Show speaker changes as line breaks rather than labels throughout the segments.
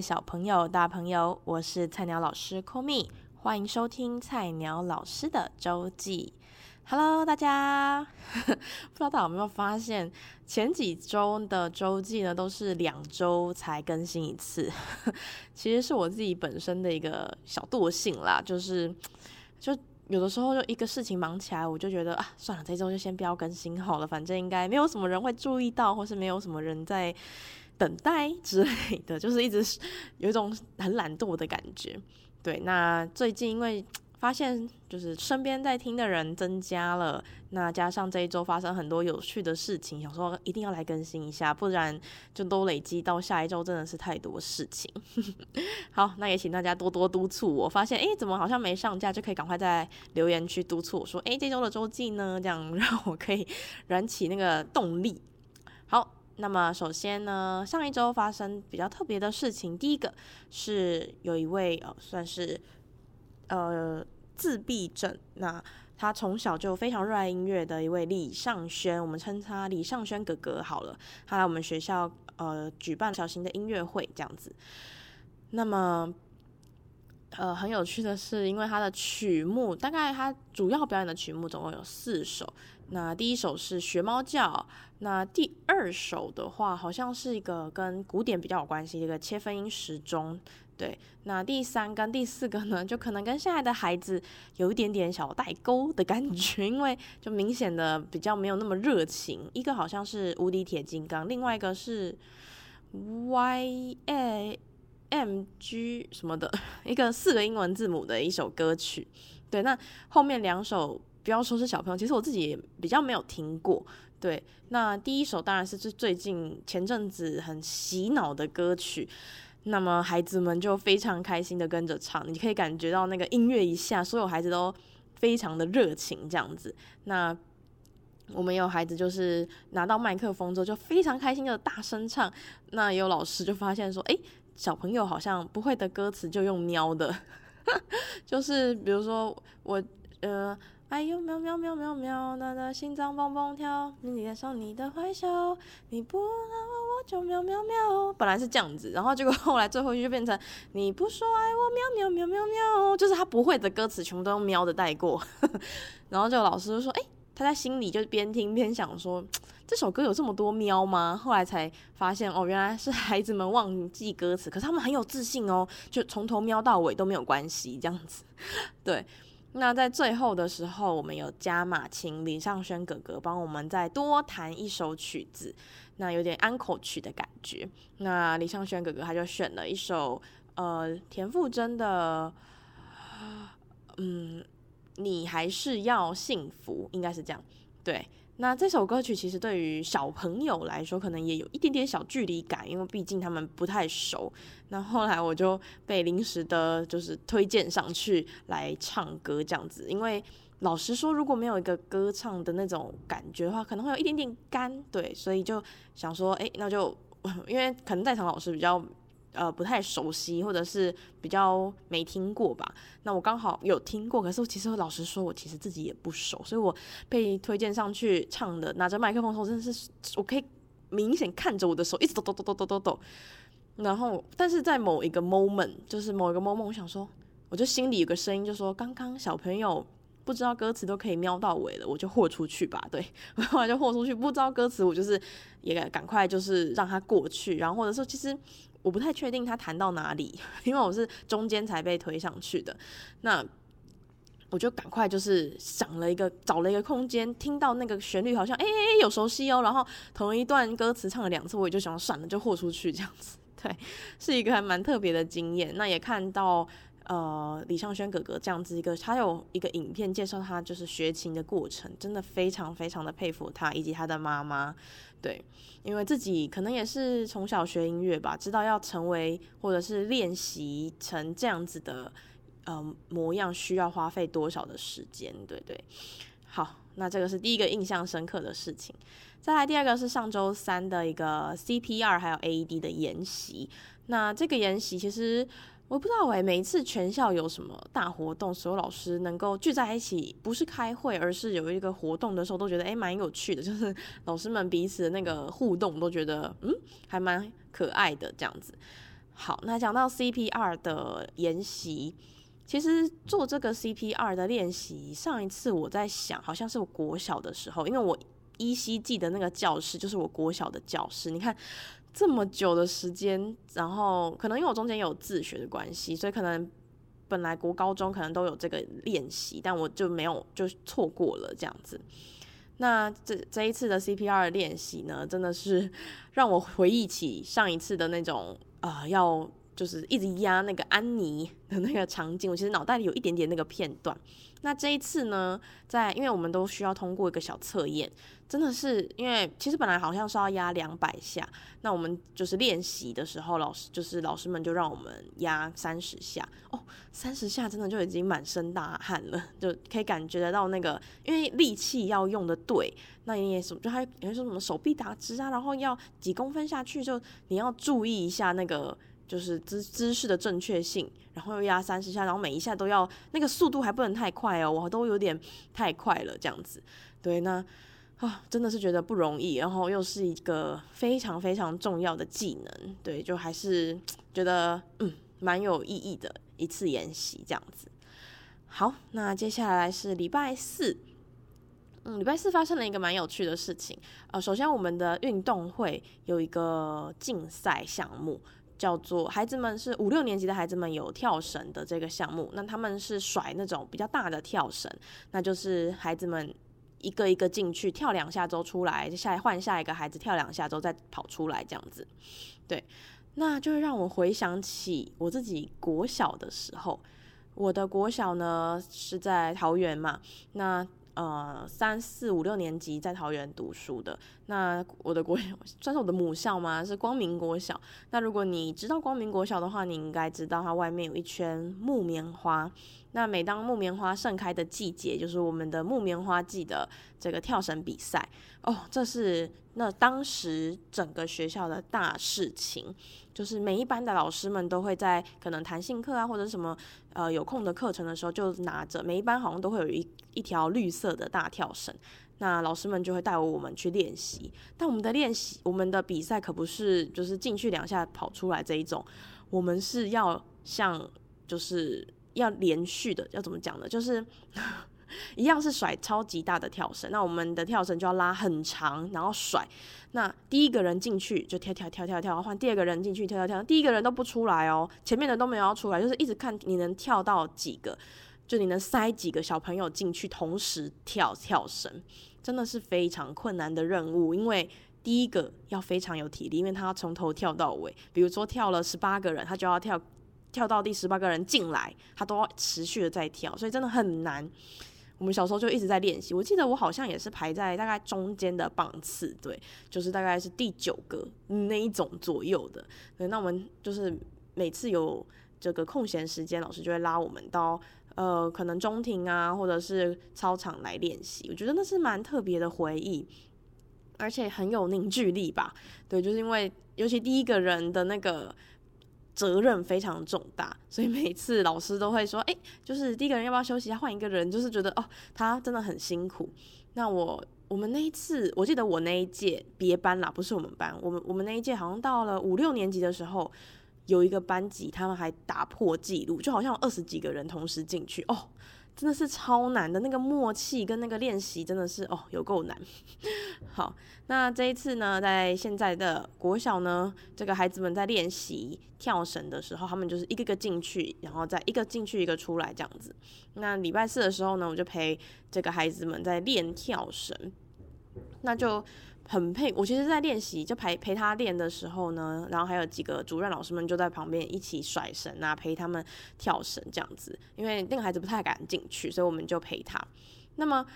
小朋友、大朋友，我是菜鳥老師 Komi，歡迎收聽菜鳥老師的週記。Hello，大家， 不知道大家有沒有發現，前幾週的週記呢都是兩週才更新一次， 其實是我自己本身的一個小惰性啦，就是就有的時候就一個事情忙起來，我就覺得啊算了，這週就先不要更新好了，反正應該沒有什麼人會注意到，或是沒有什麼人在。等待之類的，就是一直有一種很懶惰的感覺。對，那最近因為發現就是身邊在聽的人增加了，那加上這一週發生很多有趣的事情，想說一定要來更新一下，不然就都累積到下一週真的是太多事情。 好，那也請大家多多督促我。發現哎、欸，怎麼好像沒上架就可以趕快在留言區督促我說哎、欸，這週的週記呢？這樣讓我可以燃起那個動力。好。那麼首先呢，上一周發生比較特別的事情，第一個是有一位呃，算是呃自閉症，那他從小就非常熱愛音樂的一位李尚軒，我們稱他李尚軒哥哥好了，他來我們學校呃舉辦小型的音樂會這樣子。那麼呃很有趣的是，因為他的曲目大概他主要表演的曲目總共有四首。那第一首是學貓叫，那第二首的話好像是一個跟古典比較有關係，一個切分音時鐘，對。那第三跟第四個呢，就可能跟現在的孩子有一點點小代溝的感覺，因為就明顯的比較沒有那麼熱情。一個好像是《無敵鐵金剛》，另外一個是 Y A M G 什麼的一個四個英文字母的一首歌曲。對，那後面兩首。不要說是小朋友，其實我自己也比較沒有聽過。對，那第一首當然是最最近前陣子很洗腦的歌曲，那麼孩子們就非常開心的跟着唱，你可以感覺到那個音樂一下，所有孩子都非常的熱情，這樣子。那我們有孩子就是拿到麥克風之後就非常開心的大聲唱，那也有老師就發現說，哎、欸，小朋友好像不會的歌詞就用喵的呵呵，就是比如說我呃。哎呦，喵喵喵喵喵，喵的心臟蹦蹦跳，迷戀上你的壞笑，你不愛我，我就喵喵喵。本來是這樣子，然後結果後來最後一句就變成你不說愛我，哎、喵，喵喵喵喵喵。就是他不會的歌詞，全部都用喵的帶過。 然後就老師就說，哎、欸，他在心裡就邊聽邊想說，這首歌有這麼多喵嗎？後來才發現，哦，原來是孩子們忘記歌詞，可是他們很有自信哦，就從頭喵到尾都沒有關係，這樣子，對。那在最後的時候，我們有加碼，請李尚軒哥哥幫我們再多彈一首曲子，那有點安可曲的感覺。那李尚軒哥哥他就選了一首，呃，田馥甄的，嗯，你還是要幸福，應該是這樣，對。那這首歌曲其實對於小朋友來說，可能也有一點點小距離感，因為畢竟他們不太熟。那後來我就被臨時的，就是推薦上去來唱歌這樣子，因為老實說，如果沒有一個歌唱的那種感覺的話，可能會有一點點乾，對，所以就想說，哎，那就因為可能在場老師比較。呃，不太熟悉，或者是比較沒聽過吧。那我剛好有聽過，可是我其實老實說，我其實自己也不熟，所以我被推薦上去唱的，拿着麥克風說，真的是我可以明顯看着我的手一直抖抖抖抖抖抖抖。然後，但是在某一個 moment，就是某一個 moment，我想說，我就心裡有個聲音就說，剛剛小朋友不知道歌詞都可以瞄到尾了，我就豁出去吧，對，我後來就豁出去，不知道歌詞，我就是也趕快就是讓它過去，然後或者說其實。我不太確定他彈到哪裡，因為我是中間才被推上去的。那我就趕快就是想了一個找了一個空間，聽到那個旋律好像哎哎、欸欸欸、有熟悉哦、喔，然後同一段歌詞唱了兩次，我也就想算了，就豁出去這樣子。對，是一個還蠻特別的經驗。那也看到。呃，李尚軒哥哥這樣子一個，他有一個影片介紹他就是學琴的過程，真的非常非常的佩服他以及他的媽媽。對，因為自己可能也是從小學音樂吧，知道要成為或者是練習成這樣子的，呃模樣需要花費多少的時間，對，對對。好，那這個是第一個印象深刻的事情。再來第二個是上周三的一個 CPR 還有 AED 的研習。那這個研習其實。我不知道哎、欸，每一次全校有什麼大活動，所有老師能夠聚在一起，不是開會，而是有一個活動的時候，都覺得誒，蠻、欸、有趣的，就是老師們彼此的那個互動都覺得嗯，還蠻可愛的這樣子。好，那講到 CPR 的研習，其實做這個 CPR 的練習，上一次我在想，好像是我國小的時候，因為我依稀記得那個教室就是我國小的教室，你看。這麼久的時間，然後可能因為我中間有自學的關係，所以可能本來國高中可能都有這個練習，但我就沒有，就是錯過了這樣子。那這這一次的 CPR 練習呢，真的是讓我回憶起上一次的那種啊、呃、要。就是一直壓那個安妮的那個場景，我其實腦袋裡有一點點那個片段。那這一次呢，在因為我們都需要通過一個小測驗，真的是因為其實本來好像是要壓兩百下，那我們就是練習的時候，老師就是老師們就讓我們壓三十下。哦、喔，三十下真的就已經滿身大汗了，就可以感覺得到那個，因為力氣要用得對。那你也什麼就還人說什麼手臂打直啊，然後要幾公分下去，就你要注意一下那個。就是姿姿勢的正確性，然後又壓三十下，然後每一下都要那個速度還不能太快哦，我都有點太快了這樣子。對，那啊，哦，真的是覺得不容易，然後又是一個非常非常重要的技能，對，就還是覺得嗯，蠻有意義的一次演習這樣子。好，那接下來是禮拜四，嗯，禮拜四發生了一個蠻有趣的事情。呃，首先我們的運動會有一個競賽項目。叫做孩子們是五六年級的孩子們有跳繩的這個項目，那他們是甩那種比較大的跳繩，那就是孩子們一個一個進去跳兩下之後出來，下換下一個孩子跳兩下之後再跑出來這樣子，對，那就是讓我回想起我自己國小的時候，我的國小呢是在桃園嘛，那呃三四五六年級在桃園讀書的。那我的國小算是我的母校嗎？是光明國小。那如果你知道光明國小的話，你應該知道它外面有一圈木棉花。那每當木棉花盛開的季節，就是我們的木棉花季的這個跳繩比賽哦，這是那當時整個學校的大事情，就是每一班的老師們都會在可能彈性課啊或者什麼呃有空的課程的時候，就拿着每一班好像都會有一一條綠色的大跳繩。那老師們就會帶我們去練習，但我們的練習，我們的比賽可不是就是進去兩下跑出來這一種，我們是要像就是要連續的，要怎麼講呢？就是呵呵一樣是甩超級大的跳繩，那我們的跳繩就要拉很長，然後甩。那第一個人進去就跳跳跳跳跳，換第二個人進去跳跳跳，第一個人都不出來哦，前面的都沒有要出來，就是一直看你能跳到幾個，就你能塞幾個小朋友進去同時跳跳繩。真的是非常困難的任務，因為第一個要非常有體力，因為他要從頭跳到尾。比如說跳了十八個人，他就要跳，跳到第十八個人進來，他都要持續的在跳，所以真的很難。我們小時候就一直在練習，我記得我好像也是排在大概中間的棒次，對，就是大概是第九個那一種左右的。那我們就是每次有這個空閒時間，老師就會拉我們到。呃，可能中庭啊，或者是操場來練習，我覺得那是蠻特別的回憶，而且很有凝聚力吧。對，就是因為尤其第一個人的那個責任非常重大，所以每次老師都會說，哎、欸，就是第一個人要不要休息一下，換一個人，就是覺得哦，他真的很辛苦。那我我們那一次，我記得我那一屆別班啦，不是我們班，我們我們那一屆好像到了五六年級的時候。有一個班級，他們還打破記錄，就好像有二十幾個人同時進去哦，真的是超難的。那個默契跟那個練習真的是哦，有夠難。 好，那這一次呢，在現在的國小呢，這個孩子們在練習跳繩的時候，他們就是一個個進去，然後再一個進去一個出來這樣子。那禮拜四的時候呢，我就陪這個孩子們在練跳繩，那就。很配，我其實，在練習，就陪陪他練的時候呢，然後還有幾個主任老師們就在旁邊一起甩繩啊，陪他們跳繩這樣子。因為那個孩子不太敢進去，所以我們就陪他。那麼，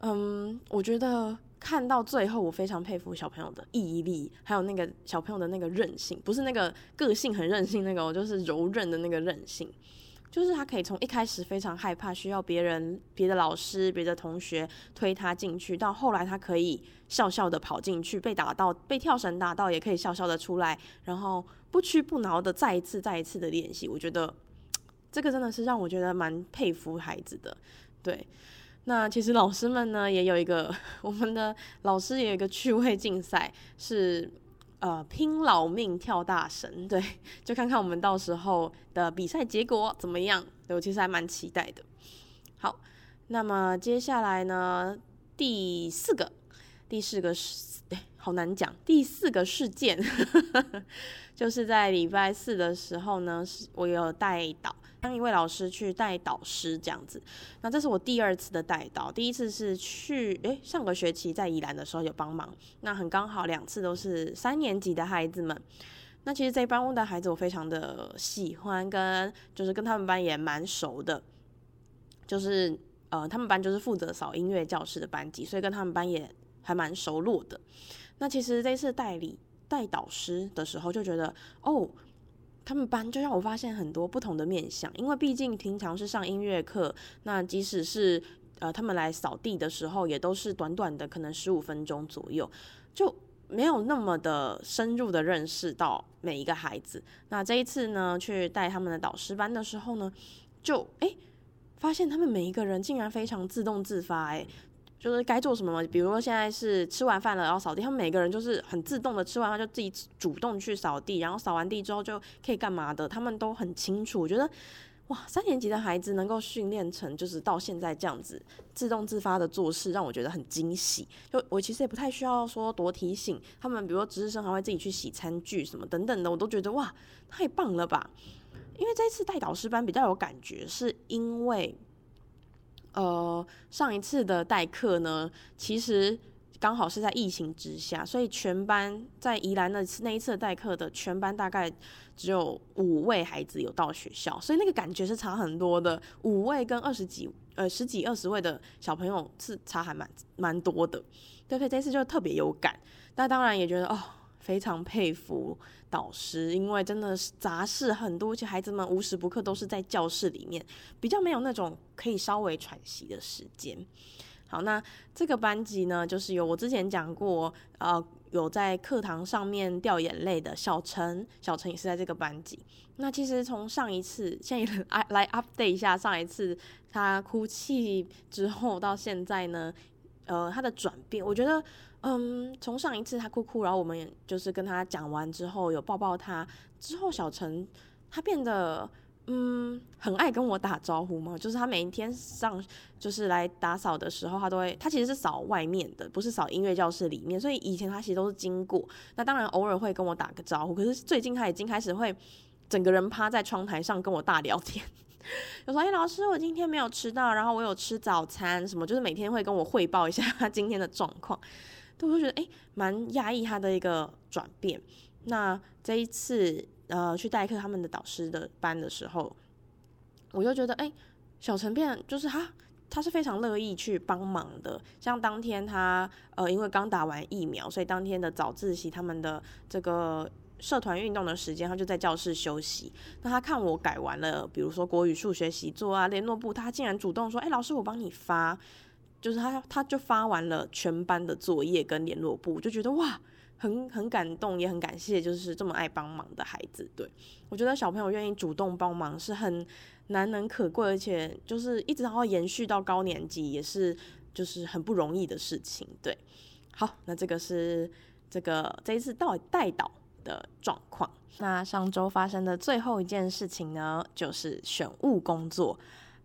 嗯，我覺得看到最後，我非常佩服小朋友的毅力，還有那個小朋友的那個韌性，不是那個個性很任性那個、哦，我就是柔韌的那個韌性。就是他可以從一開始非常害怕，需要別人、別的老師、別的同學推他進去，到後來他可以笑笑的跑進去，被打到，被跳繩打到，也可以笑笑的出來，然後不屈不撓的再一次、再一次的練習。我覺得這個真的是讓我覺得蠻佩服孩子的。對，那其實老師們呢也有一個，我們的老師也有一個趣味競賽是。呃，拼老命跳大繩，對，就看看我們到時候的比賽結果怎麼樣，對，我其實還蠻期待的。好，那麼接下來呢，第四個，第四個是，欸，好難講。第四個事件， 就是在禮拜四的時候呢，是我有代導。當一位老師去帶導師這樣子，那這是我第二次的帶導，第一次是去誒、欸，上個學期在宜蘭的時候有幫忙，那很剛好兩次都是三年級的孩子們，那其實這一班屋的孩子我非常的喜歡跟，跟就是跟他們班也蠻熟的，就是呃他們班就是負責掃音樂教室的班級，所以跟他們班也還蠻熟絡的。那其實這次代理帶導師的時候就覺得哦。他們班就讓我發現很多不同的面向，因為畢竟平常是上音樂課，那即使是呃他們來掃地的時候，也都是短短的可能十五分鐘左右，就沒有那麼的深入的認識到每一個孩子。那這一次呢，去帶他們的導師班的時候呢，就哎、欸、發現他們每一個人竟然非常自動自發、欸，就是該做什麼嘛，比如說現在是吃完飯了，然後掃地，他們每個人就是很自動的，吃完飯就自己主動去掃地，然後掃完地之後就可以幹嘛的，他們都很清楚。我覺得哇，三年級的孩子能夠訓練成就是到現在這樣子自動自發的做事，讓我覺得很驚喜。就我其實也不太需要說多提醒他們，比如說值日生還會自己去洗餐具什麼等等的，我都覺得哇太棒了吧。因為這一次代導師班比較有感覺，是因為。呃，上一次的代課呢，其實剛好是在疫情之下，所以全班在宜蘭的那一次代課的全班大概只有五位孩子有到學校，所以那個感覺是差很多的，五位跟二十幾呃十幾二十位的小朋友是差還蠻蠻多的，對不對？所以這次就特別有感，但當然也覺得哦。非常佩服導師，因為真的是雜事很多，而且孩子們無時不刻都是在教室裡面，比較沒有那種可以稍微喘息的時間。好，那這個班級呢，就是有我之前講過，呃，有在課堂上面掉眼淚的小陳，小陳也是在這個班級。那其實從上一次，先來 update 一下，上一次他哭泣之後到現在呢，呃，他的轉變，我覺得。嗯，從上一次他哭哭，然後我們也就是跟他講完之後，有抱抱他之後，小陳他變得嗯很愛跟我打招呼嘛，就是他每一天上就是來打掃的時候，他都會他其實是掃外面的，不是掃音樂教室裡面，所以以前他其實都是經過，那當然偶爾會跟我打個招呼，可是最近他已經開始會整個人趴在窗台上跟我大聊天，就說哎，老師我今天沒有遲到，然後我有吃早餐什麼，就是每天會跟我匯報一下他今天的狀況。都會覺得誒，蠻訝異他的一個轉變。那這一次呃去代課他們的導師的班的時候，我就覺得哎、欸，小陳變就是他，他是非常樂意去幫忙的。像當天他呃因為剛打完疫苗，所以當天的早自習他們的這個社團運動的時間，他就在教室休息。那他看我改完了，比如說國語、數學習作啊、聯絡簿，他竟然主動說哎、欸，老師我幫你發。就是他，他就發完了全班的作業跟聯絡簿，就覺得哇，很很感動，也很感謝，就是這麼愛幫忙的孩子。對，我覺得小朋友願意主動幫忙是很難能可貴，而且就是一直要延續到高年級，也是就是很不容易的事情。對，好，那這個是這個這一次到底代導的狀況。那上周發生的最後一件事情呢，就是選務工作。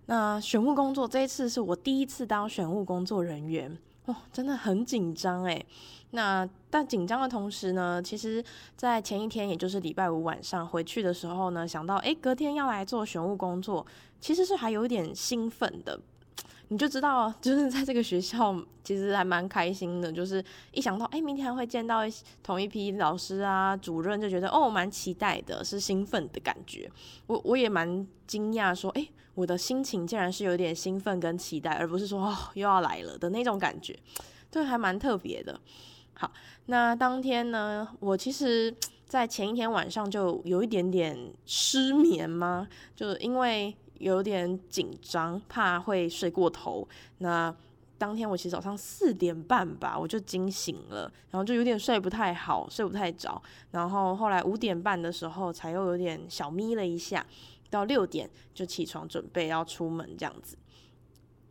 那選務工作這一次是我第一次當選務工作人員，哦，真的很緊張哎。那但緊張的同時呢，其實，在前一天也就是禮拜五晚上回去的時候呢，想到哎、欸，隔天要來做選務工作，其實是還有一點興奮的。你就知道，就是在這個學校，其實還蠻開心的。就是一想到哎、欸，明天還會見到同一批老師啊、主任，就覺得哦，蠻期待的，是興奮的感覺。我我也蠻驚訝，說、欸、哎。我的心情竟然是有點興奮跟期待，而不是說，哦，又要來了的那種感覺，對，還蠻特別的。好，那當天呢，我其實在前一天晚上就有一點點失眠嘛，就是因為有點緊張，怕會睡過頭。那當天我其實早上四點半吧，我就驚醒了，然後就有點睡不太好，睡不太着。然後後來五點半的時候才又有點小眯了一下。到六點就起床準備要出門這樣子。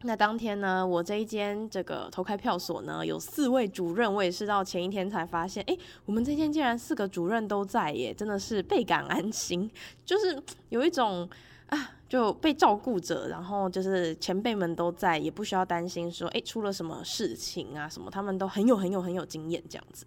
那當天呢，我這一間這個投開票所呢，有四位主任，我也是到前一天才發現，哎、欸，我們這間竟然四個主任都在耶，真的是倍感安心，就是有一種啊，就被照顧着，然後就是前輩們都在，也不需要擔心說，哎、欸，出了什麼事情啊什麼，他們都很有很有很有經驗這樣子。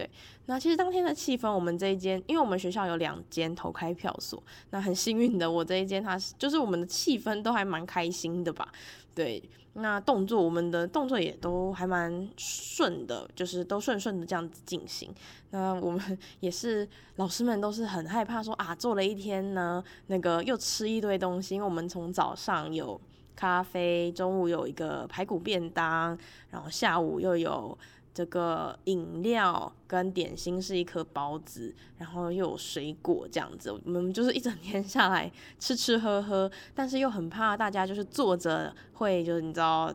對，那其實當天的氣氛，我們這一間，因為我們學校有兩間投開票所，那很幸運的，我這一間，它是就是我們的氣氛都還蠻開心的吧。對，那動作我們的動作也都還蠻順的，就是都順順的這樣子進行。那我們也是老師們都是很害怕說啊，做了一天呢，那個又吃一堆東西，因為我們從早上有咖啡，中午有一個排骨便當，然後下午又有。這個飲料跟點心是一顆包子，然後又有水果這樣子，我們就是一整天下來吃吃喝喝，但是又很怕大家就是坐着會就是你知道，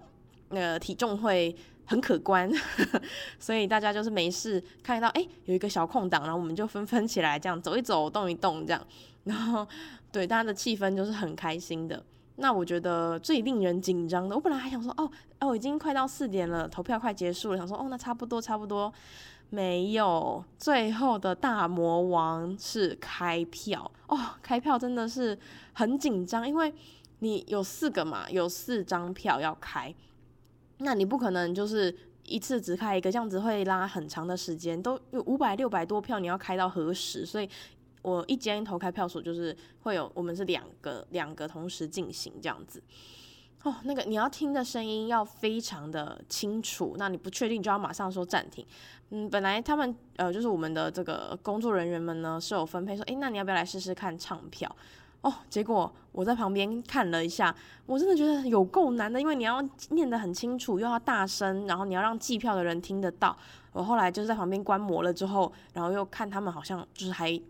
那個、呃、體重會很可觀，呵呵，所以大家就是沒事看到哎、欸、有一個小空檔，然後我們就紛紛起來這樣走一走動一動這樣，然後對，大家的氣氛就是很開心的。那我覺得最令人緊張的，我本來還想說，哦，哦，已經快到四點了，投票快結束了，想說，哦，那差不多差不多，沒有，最後的大魔王是開票，哦，開票真的是很緊張，因為你有四個嘛，有四張票要開，那你不可能就是一次只開一個，這樣子會拉很長的時間，都有五百六百多票，你要開到何時？所以。我一間投開票所就是會有，我們是兩個兩個同時進行這樣子，哦，那個你要聽的聲音要非常的清楚，那你不確定就要馬上說暫停。嗯，本來他們呃就是我們的這個工作人員們呢是有分配說，哎、欸，那你要不要來試試看唱票？哦，結果我在旁邊看了一下，我真的覺得有夠難的，因為你要念得很清楚，又要大聲，然後你要讓計票的人聽得到。我後來就是在旁邊觀摩了之後，然後又看他們好像就是還。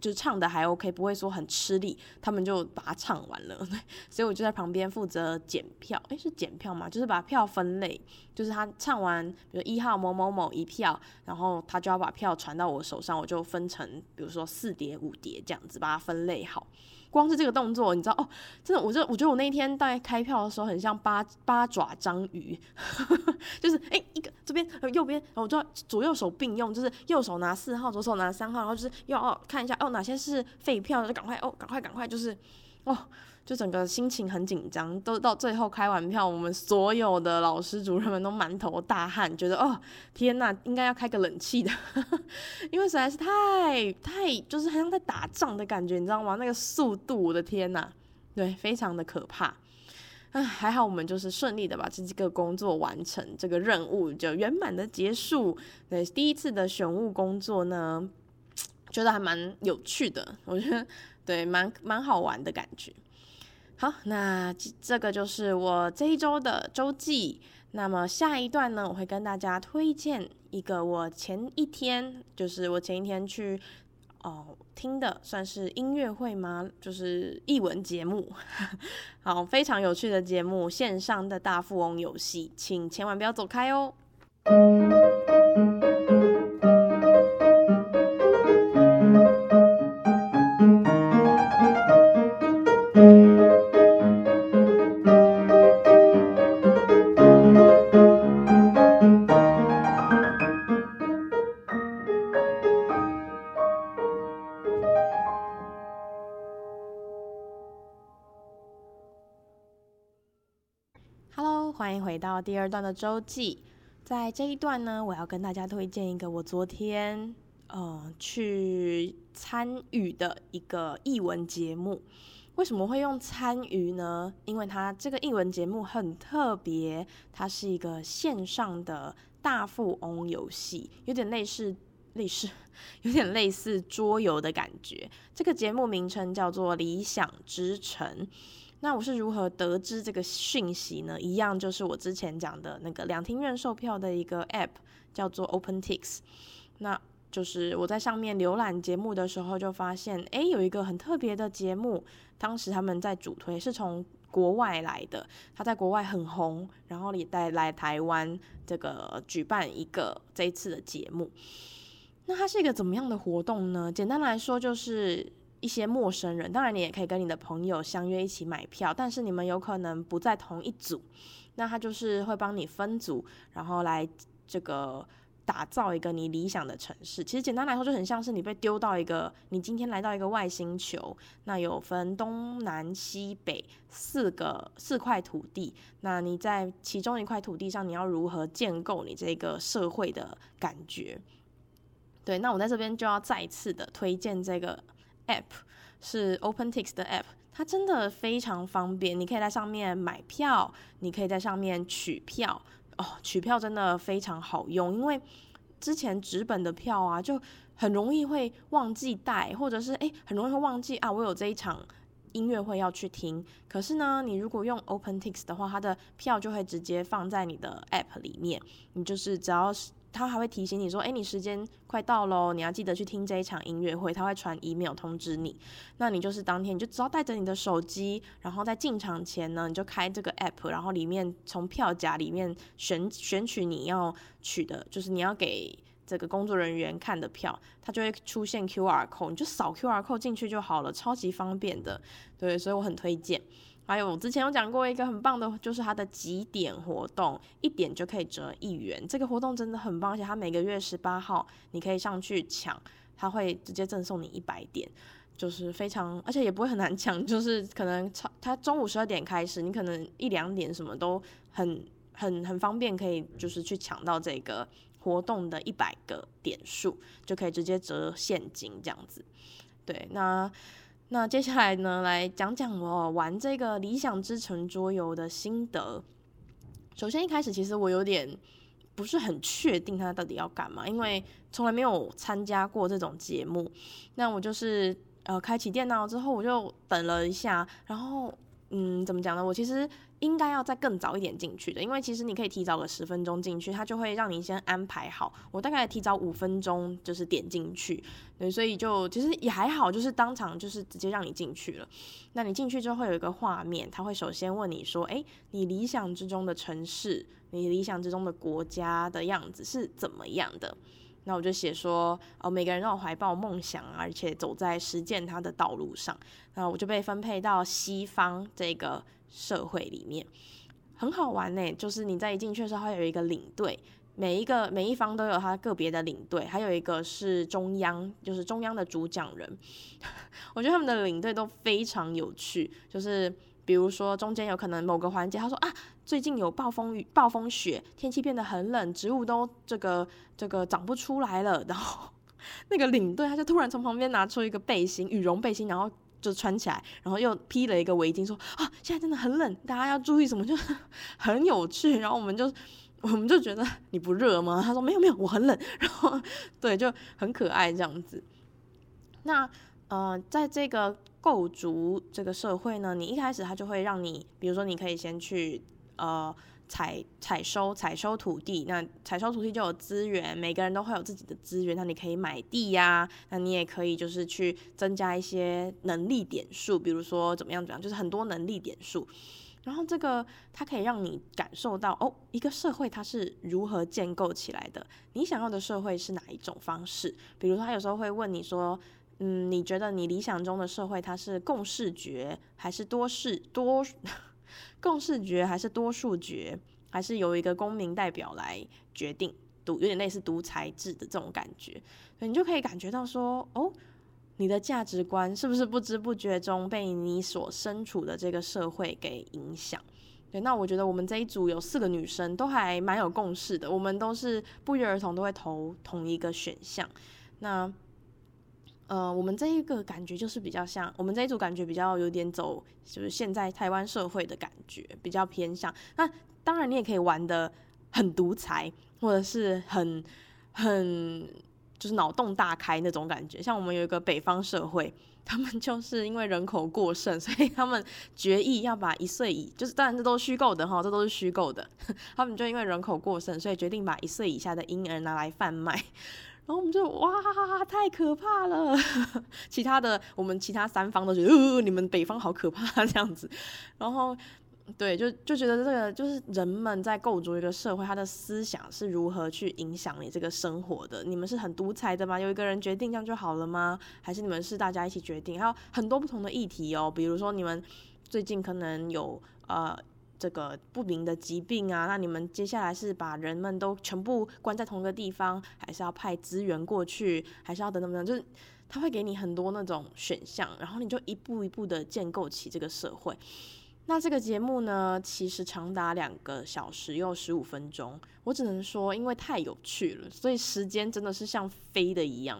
就唱的還 OK，不會說很吃力，他們就把它唱完了，所以我就在旁邊負責檢票，哎，是檢票嗎？就是把票分類，就是他唱完，比如一號某某某一票，然後他就要把票傳到我手上，我就分成比如說四疊、五疊這樣子把它分類好。光是這個動作，你知道哦？真的，我就我覺得我那一天在開票的時候，很像八八爪章魚，呵呵，就是哎、欸，一個這邊、呃、右邊，我就左右手並用，就是右手拿四號，左手拿三號，然後就是要哦看一下哦哪些是廢票，就趕快哦趕快趕快就是哦。就整個心情很緊張，都到最後開完票，我們所有的老師、主任們都滿頭大汗，覺得哦，天哪，應該要開個冷氣的， 因為實在是太太就是好像在打仗的感覺，你知道嗎？那個速度，我的天哪，對，非常的可怕。唉，還好我們就是順利的把這幾個工作完成，這個任務就圓滿的結束。對，第一次的選務工作呢，覺得還蠻有趣的，我覺得對，蠻蠻好玩的感覺。好，那這個就是我這一周的周記。那麼下一段呢，我會跟大家推薦一個我前一天，就是我前一天去哦聽的，算是音樂會嗎？就是藝文節目， 好，非常有趣的節目，線上的大富翁遊戲，請千萬不要走開哦。第二段的週記，在這一段呢，我要跟大家推薦一個我昨天呃去參與的一個藝文節目。為什麼我會用參與呢？因為它這個藝文節目很特別，它是一個線上的大富翁遊戲，有點類似類似有點類似桌遊的感覺。這個節目名稱叫做《理想之城》。那我是如何得知這個訊息呢？一樣就是我之前講的那個兩廳院售票的一個 app，叫做 OpenTix。那就是我在上面瀏覽節目的時候，就發現，哎，有一個很特別的節目。當時他們在主推是從國外來的，他在國外很紅，然後也帶來台灣這個舉辦一個這一次的節目。那它是一個怎麼樣的活動呢？簡單來說就是。一些陌生人，當然你也可以跟你的朋友相約一起買票，但是你們有可能不在同一組，那他就是會幫你分組，然後來這個打造一個你理想的城市。其實簡單來說，就很像是你被丟到一個，你今天來到一個外星球，那有分東南西北四個四塊土地，那你在其中一塊土地上，你要如何建構你這個社會的感覺？對，那我在這邊就要再次的推薦這個。App 是 OpenTix 的 App，它真的非常方便。你可以在上面買票，你可以在上面取票。哦，取票真的非常好用，因為之前紙本的票啊，就很容易會忘記帶，或者是誒、欸，很容易會忘記啊，我有這一場音樂會要去聽。可是呢，你如果用 OpenTix 的話，它的票就會直接放在你的 App 裡面，你就是只要是。他還會提醒你說：“哎，你時間快到了，你要記得去聽這一場音樂會。”他會傳 email 通知你。那你就是當天你就只要帶着你的手機，然後在進場前呢，你就開這個 app，然後裡面從票夾裡面選選取你要取的，就是你要給這個工作人員看的票，它就會出現 QR code，你就掃 QR code 進去就好了，超級方便的。對，所以我很推薦。還、哎、有之前有講過一個很棒的，就是它的集點活動，一點就可以折一元。這個活動真的很棒，而且它每個月十八號，你可以上去搶，他會直接贈送你一百點，就是非常，而且也不會很難搶，就是可能他中午十二點開始，你可能一兩點什麼都很很很方便，可以就是去搶到這個活動的一百個點數，就可以直接折現金這樣子。對，那。那接下來呢，來講講我玩這個《理想之城》桌遊的心得。首先一開始其實我有點不是很確定他到底要幹嘛，因為從來沒有參加過這種節目。那我就是呃，開啟電腦之後我就等了一下，然後嗯，怎麼講呢？我其實，應該要再更早一點進去的，因為其實你可以提早個十分鐘進去，它就會讓你先安排好。我大概提早五分鐘就是點進去，對，所以就其實也還好，就是當場就是直接讓你進去了。那你進去之後會有一個畫面，他會首先問你說：“誒、欸，你理想之中的城市，你理想之中的國家的樣子是怎麼樣的？”那我就寫說，哦、呃，每個人都有懷抱夢想，而且走在實踐他的道路上。那我就被分配到西方這個社會裡面，很好玩呢、欸。就是你在一進去的時候，有一個領隊，每一個每一方都有他個別的領隊，還有一個是中央，就是中央的主講人。 我覺得他們的領隊都非常有趣，就是。比如說，中間有可能某個環節，他說啊，最近有暴風雨、暴風雪，天氣變得很冷，植物都這個這個長不出來了。然後那個領隊他就突然從旁邊拿出一個背心、羽絨背心，然後就穿起來，然後又披了一個圍巾，說啊，現在真的很冷，大家要注意什麼，就很有趣。然後我們就我們就覺得你不熱嗎？他說沒有沒有，我很冷。然後對，就很可愛這樣子。那。呃，在這個構築這個社會呢，你一開始他就會讓你，比如說你可以先去呃採採收採收土地，那採收土地就有資源，每個人都會有自己的資源，那你可以買地呀、啊，那你也可以就是去增加一些能力點數，比如說怎麼樣怎麼樣，就是很多能力點數，然後這個它可以讓你感受到哦，一個社會它是如何建構起來的，你想要的社會是哪一種方式？比如說他有時候會問你說，嗯，你覺得你理想中的社會它是共識決還是多數？多共識決還是多數決？還是由一個公民代表來決定，獨有點類似獨裁制的這種感覺，你就可以感覺到說，哦，你的價值觀是不是不知不覺中被你所身處的這個社會給影響？對，那我覺得我們這一組有四個女生都還蠻有共識的，我們都是不約而同都會投同一個選項，那。呃，我們這一個感覺就是比較像，我們這一組感覺比較有點走，就是現在台灣社會的感覺比較偏向。那當然你也可以玩得很獨裁，或者是很很就是腦洞大開那種感覺。像我們有一個北方社會，他們就是因為人口過剩，所以他們決議要把一歲以，就是當然這都是虛構的哈，這都是虛構的。他們就因為人口過剩，所以決定把一歲以下的嬰兒拿來販賣。然後我們就哇，太可怕了， 其他的我們其他三方都覺得，呃，你們北方好可怕這樣子，然後對，就就覺得這個就是人們在構築一個社會，他的思想是如何去影響你這個生活的。你們是很獨裁的嗎？有一個人決定這樣就好了嗎？還是你們是大家一起決定？還有很多不同的議題哦，比如說你們最近可能有呃。這個不明的疾病啊，那你們接下來是把人們都全部關在同一個地方，還是要派資源過去，還是要等等等等？就是他會給你很多那種選項，然後你就一步一步的建構起這個社會。那這個節目呢，其實長達兩個小時又十五分鐘，我只能說，因為太有趣了，所以時間真的是像飛的一樣，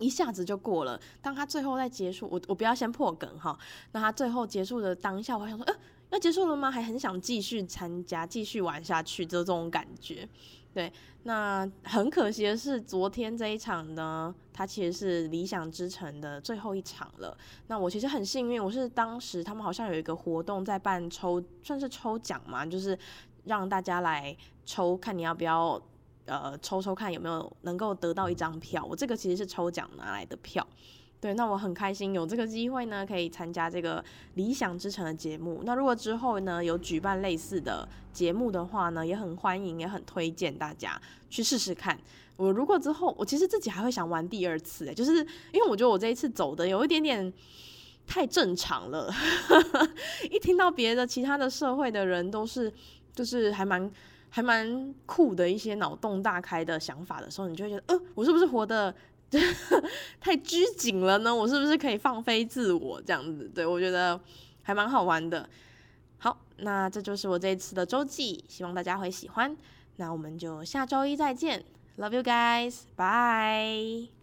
一下子就過了。當他最後再結束，我我不要先破梗哈，那他最後結束的當下，我想說，呃、啊。那結束了嗎？還很想繼續參加，繼續玩下去，就這種感覺。對，那很可惜的是，昨天這一場呢，它其實是理想之城的最後一場了。那我其實很幸運，我是當時他們好像有一個活動在辦抽，抽算是抽獎嘛，就是讓大家來抽，看你要不要，呃，抽抽看有沒有能夠得到一張票。我這個其實是抽獎拿來的票。對，那我很開心有這個機會呢，可以參加這個理想之城的節目。那如果之後呢，有舉辦類似的節目的話呢，也很歡迎，也很推薦大家去試試看。我如果之後，我其實自己還會想玩第二次欸，就是因為我覺得我這一次走的有一點點太正常了。 一聽到別的其他的社會的人都是，就是還蠻還蠻酷的一些腦洞大開的想法的時候，你就會覺得，呃，我是不是活得？ 太拘謹了呢，我是不是可以放飛自我這樣子？對，我覺得還蠻好玩的。好，那這就是我這一次的週記，希望大家會喜歡。那我們就下周一再見，Love you guys，拜。